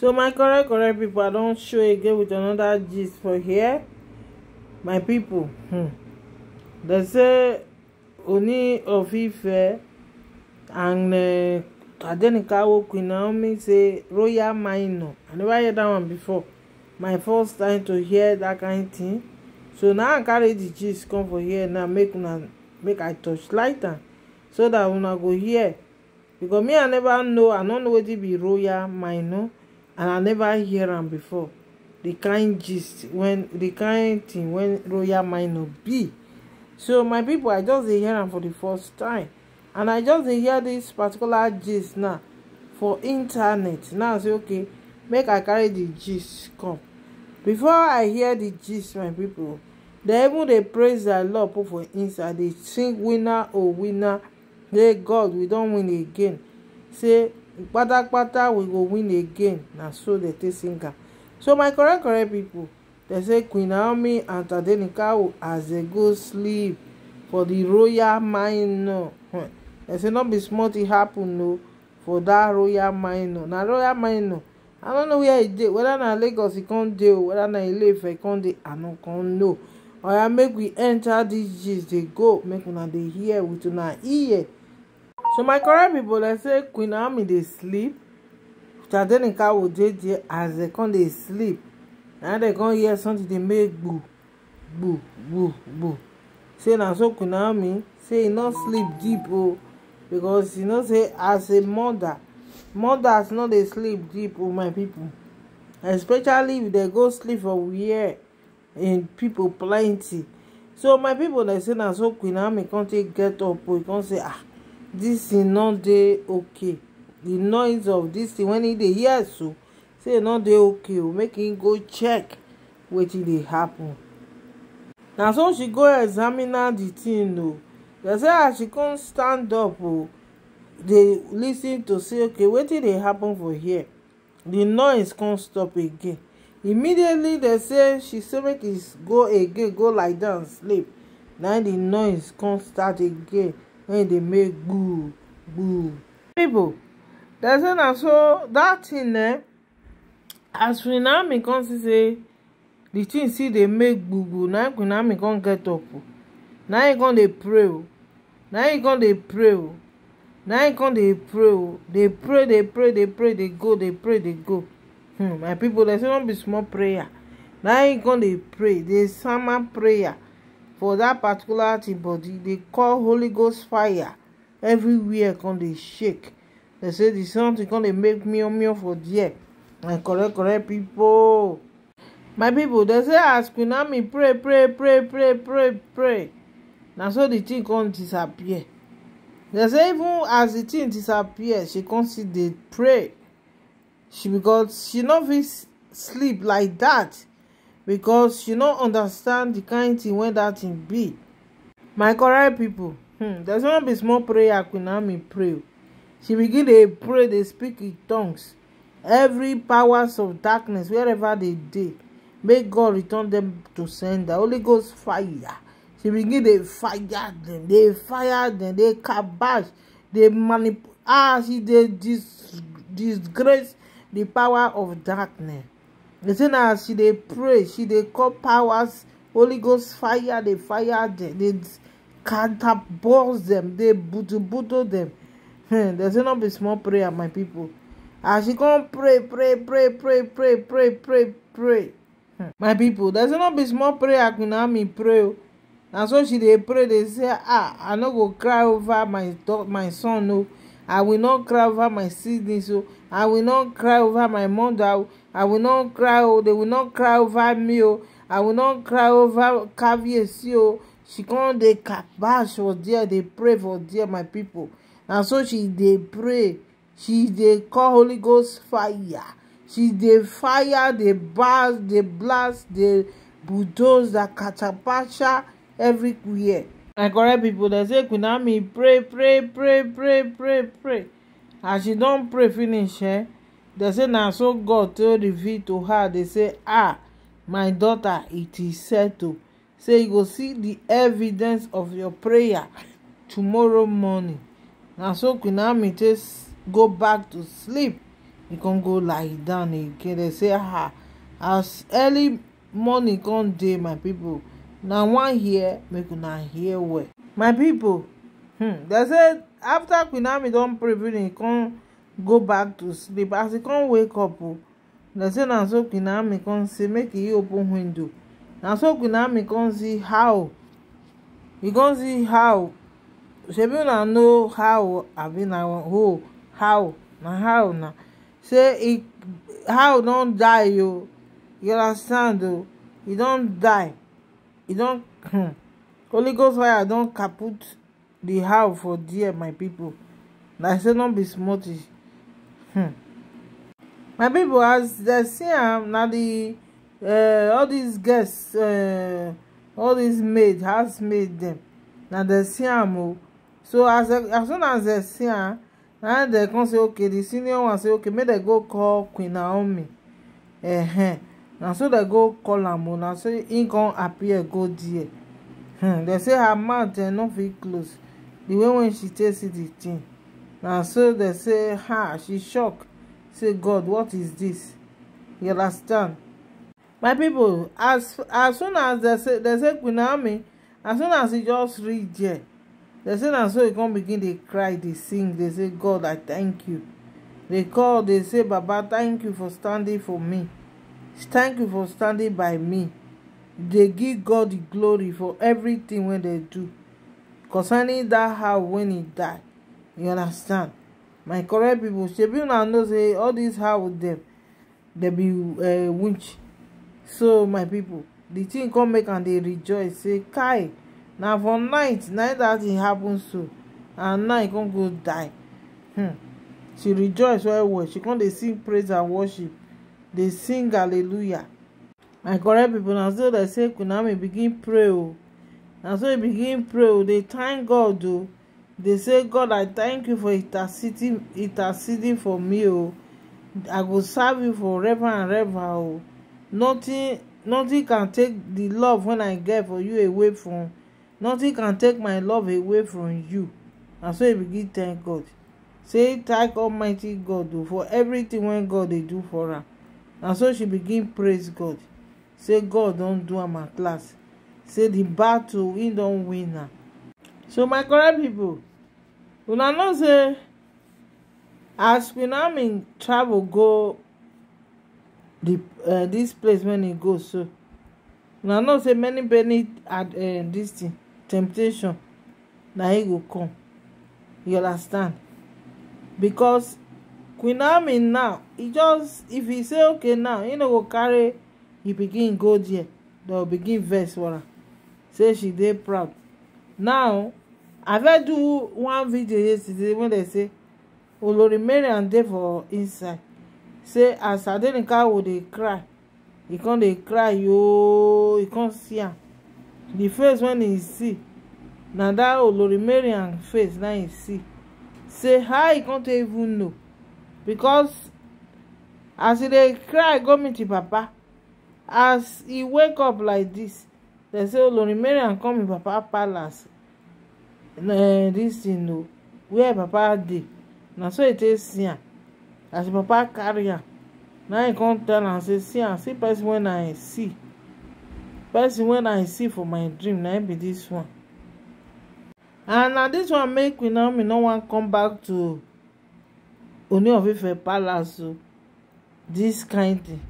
so my correct correct people, i don't show again with another gist for here my people. hmm dem say oni of ife and uh, adenika queen naomi say royal minor i never hear dat one before my first time to hear that kind thing. so now i carry the gist come for here now make una make i touch lighter, so that when I go here, because me i never know i don't know it be royal minor and i never hear am before the kind gist when the kind thing when royal minor be so my people i just hear am for the first time and i just hear this particular gist now for internet now say okay make i carry the gist come before i hear the gist my people dem even they praise their lord put for inside they sing winner or oh, winner say god we don't win again say kpata we go win again na so dem take sing so my correct correct pipo dem say queen naomi and tadenikawo as dem go sleep for di royal minor dem hmm. say no be small thing happen o for dat royal minor na royal minor i no know wia e dey weda na lagos e come dey o weda na ileife e come dey i no come know oya make we enta dis gist dey go make una dey hear with una ear so my correct people, let's say queen naomi they sleep chadenika ojeje as they come dey sleep and they go hear something they make boo, boo, boo, boo. say na so queen naomi say e not sleep deep oh, because you e know say as a mother mothers no dey sleep deep oh my people, especially if they go sleep for year in people plenty so my people, dey say na so queen naomi can't take get up o e can't say ah dis thing no dey okay the noise of dis thing when e dey hear so say e no dey okay o make e go check wetin dey happen na so she go examine the thing o dey say as she come stand up o dey lis ten to say okay wetin dey happen for here the noise come stop again immediately dey say she say make e go again go lie down sleep na the noise come start again When they make gboo gboo. people. That's say na so that thing eh as queen naomi come see say di tin still dey make gbogbo Now we now naomi come get up Now na im come pray Now na im come pray Now na im come pray They pray They pray They pray They go They pray They go hmm my people, that's not be small prayer Now im come dey pray They summer prayer for that particular thing body they call holy ghost fire everywhere come they shake they say the something come dey make me meow for there and correct correct people. my people, they say as queen ami pray pray pray pray pray pray Now so the thing come disappear They say even as the thing disappears, she come still dey pray she because she not fit sleep like that because she no understand the kind thing when that thing be my correct people. hmm, there's no be small prayer queen naomi pray she begin dey pray They speak in tongues every powers of darkness wherever they did, make god return them to sender holy ghost fire she begin dey fire them. They fire dem dey kabash They manipulate ah she they dis disgrace the power of darkness They say now she they pray she they call powers holy ghost fire they fire they they, catapult them they butubutu dem them, there's thing be small prayer my people as ah, she come pray pray pray pray pray pray pray pray my people there's thing be small prayer Queen Naomi pray o na so she they pray they say ah i no go cry over my my son no. Oh. i will not cry over my sickness So. Oh i will not cry over my mother i will not cry oh they will not cry over me oh i will not cry over Kabiyesi oh she come dey kabash for there dey pray for there my people na so she dey pray she dey call Holy Ghost fire she dey fire dey blast dey blast dey bulldoze dey katapasha everywhere my correct people dey say Queen Naomi pray pray pray pray pray pray as she don pray finish eh dem say na so god take reveal to her dey say ah my daughter it is settled say you go see the evidence of your prayer tomorrow morning na so queen naomi take go back to sleep e con go lie down again dey say ah as early morning con dey my people. na one hear make una hear well my people.' hmm, dem say After queen naomi don pray finish e come go back to sleep as e come wake up o dem say na so queen naomi come say make e open window na so queen naomi come see how e come see how shebi una know how abi na who? how na how na say e how don die o oh, you understand o oh, e don die e don hmm, holy ghost fire don kaput the have for there my people na say no be small thing hmm. my people as dem see am na the uh, all these guests uh, all these maid housemaid dem na dem see am o so as as soon as dem see am na dem come say okay the senior one say okay make dem go call Queen Naomi uh -huh. na so dem go call am o na so im come appear go there hmm. dem say her mouth eh, no fit close The way when she take see di tin na so dem say "Ha, she shock say god what is dis you understand my people. as as soon as dem say say queen naomi as soon as e just reach there dem say na so e come begin dey cry dey sing dey say god i thank you dey call dey say baba thank you for standing for me thank you for standing by me dey give god the glory for everything wey dem do concerning dat how when he die you understand my correct people, shebi una know say all this how them, dem be eh, winch so my people, the thing come make am dey rejoice say kai na for night na dat e happen so and now e come go die hmm she rejoice well well she come dey sing praise and worship dey sing hallelujah my correct people, na so dem say queen begin pray o oh na so he begin pray o dey thank god o oh. dey say god i thank you for interceding interceding for me o oh. i go serve you forever and ever o oh. nothing nothing can take the love wey i get for you away from nothing can take my love away from you na so he begin thank god say thank almighty god o for everything wey god dey do for am na so she begin praise god say god don do am at last say the battle we don win am so my correct people, una know say as queen mean travel go the eh, this place when e go so una know say many many dis eh, thing temptation na he go come you understand because queen army now he just if he say okay now e know go carry he begin go there dem go begin verse for say she dey proud now i fit do one video yesterday wey dem say olori mariam dey for inside say as adenika go dey cry e come dey cry yoo oh, e come see am the face wey e see na that olori mariam face na e see say how e come take even know because as e dey cry go meet e papa as e wake up like this dem say olori mariam come im papa palace dis thing o where papa dey na so e take see am as im papa carry am na im e come tell am say see am see person wey i e see person wey i e see for my dream na im be dis one and na dis one make we now naomi no wan come back to oni of ife palace o oh. dis kain thing